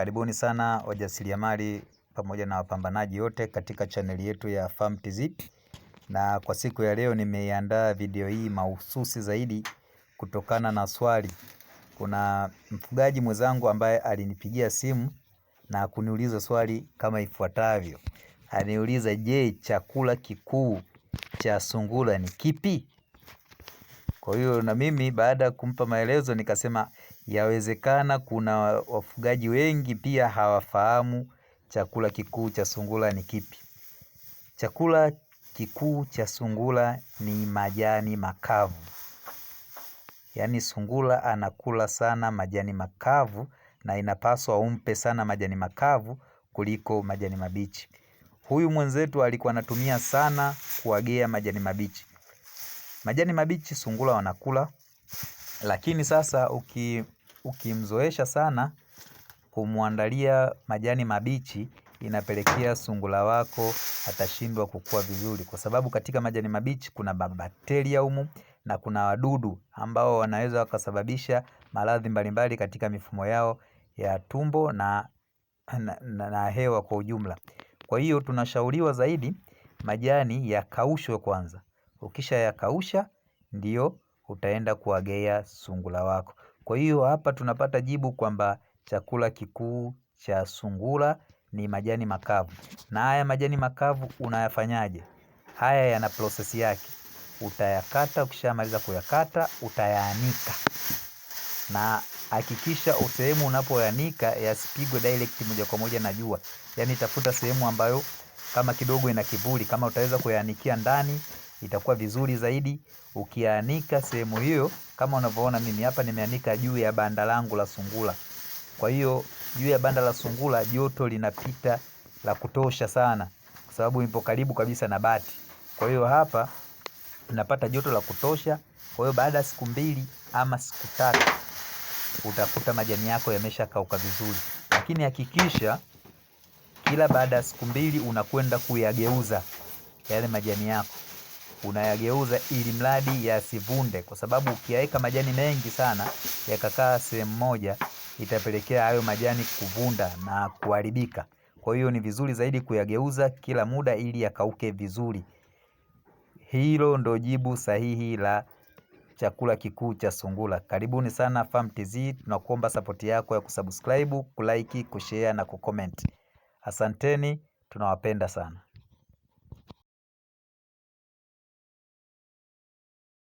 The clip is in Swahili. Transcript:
Karibuni sana wajasiriamali pamoja na wapambanaji wote katika chaneli yetu ya Farm TZ. Na kwa siku ya leo nimeiandaa video hii mahususi zaidi kutokana na swali. Kuna mfugaji mwenzangu ambaye alinipigia simu na kuniuliza swali kama ifuatavyo. Aniuliza, je, chakula kikuu cha sungura ni kipi? Kwa hiyo na mimi baada ya kumpa maelezo nikasema yawezekana kuna wafugaji wengi pia hawafahamu chakula kikuu cha sungura ni kipi. Chakula kikuu cha sungura ni majani makavu. Yaani sungura anakula sana majani makavu na inapaswa umpe sana majani makavu kuliko majani mabichi. Huyu mwenzetu alikuwa anatumia sana kuagea majani mabichi. Majani mabichi sungura wanakula Lakini sasa ukimzoesha sana kumwandalia majani mabichi inapelekea sungura wako atashindwa kukua vizuri kwa sababu katika majani mabichi kuna bakteria humu na kuna wadudu ambao wanaweza wakasababisha maradhi mbalimbali katika mifumo yao ya tumbo na hewa kwa ujumla. Kwa hiyo tunashauriwa zaidi majani yakaushwe kwanza Ukisha yakausha, ndio utaenda kuwagea sungura wako. Kwa hiyo hapa tunapata jibu kwamba chakula kikuu cha sungura ni majani makavu. Na haya majani makavu unayafanyaje? Haya yana process yake. Utayakata, ukishamaliza kuyakata, utayaanika. Na hakikisha sehemu unapoyanika yasipigwe direct moja kwa moja na jua. Yaani tafuta sehemu ambayo kama kidogo ina kivuli, kama utaweza kuyaanikia ndani itakuwa vizuri zaidi ukianika sehemu hiyo, kama unavyoona mimi hapa nimeanika juu ya banda langu la sungula Kwa hiyo juu ya banda la sungula joto linapita la kutosha sana, kwa sababu ipo karibu kabisa na bati. Kwa hiyo hapa napata joto la kutosha. Kwa hiyo baada ya siku mbili ama siku tatu utakuta majani yako yameshakauka vizuri, lakini hakikisha kila baada ya siku mbili unakwenda kuyageuza yale majani yako unayageuza ili mradi yasivunde, kwa sababu ukiyaweka majani mengi sana yakakaa sehemu moja, itapelekea hayo majani kuvunda na kuharibika. Kwa hiyo ni vizuri zaidi kuyageuza kila muda ili yakauke vizuri. Hilo ndo jibu sahihi la chakula kikuu cha sungura. Karibuni sana Farm TZ, tunakuomba sapoti yako ya kusubscribe, kulike, kushare na kucomment. Asanteni, tunawapenda sana.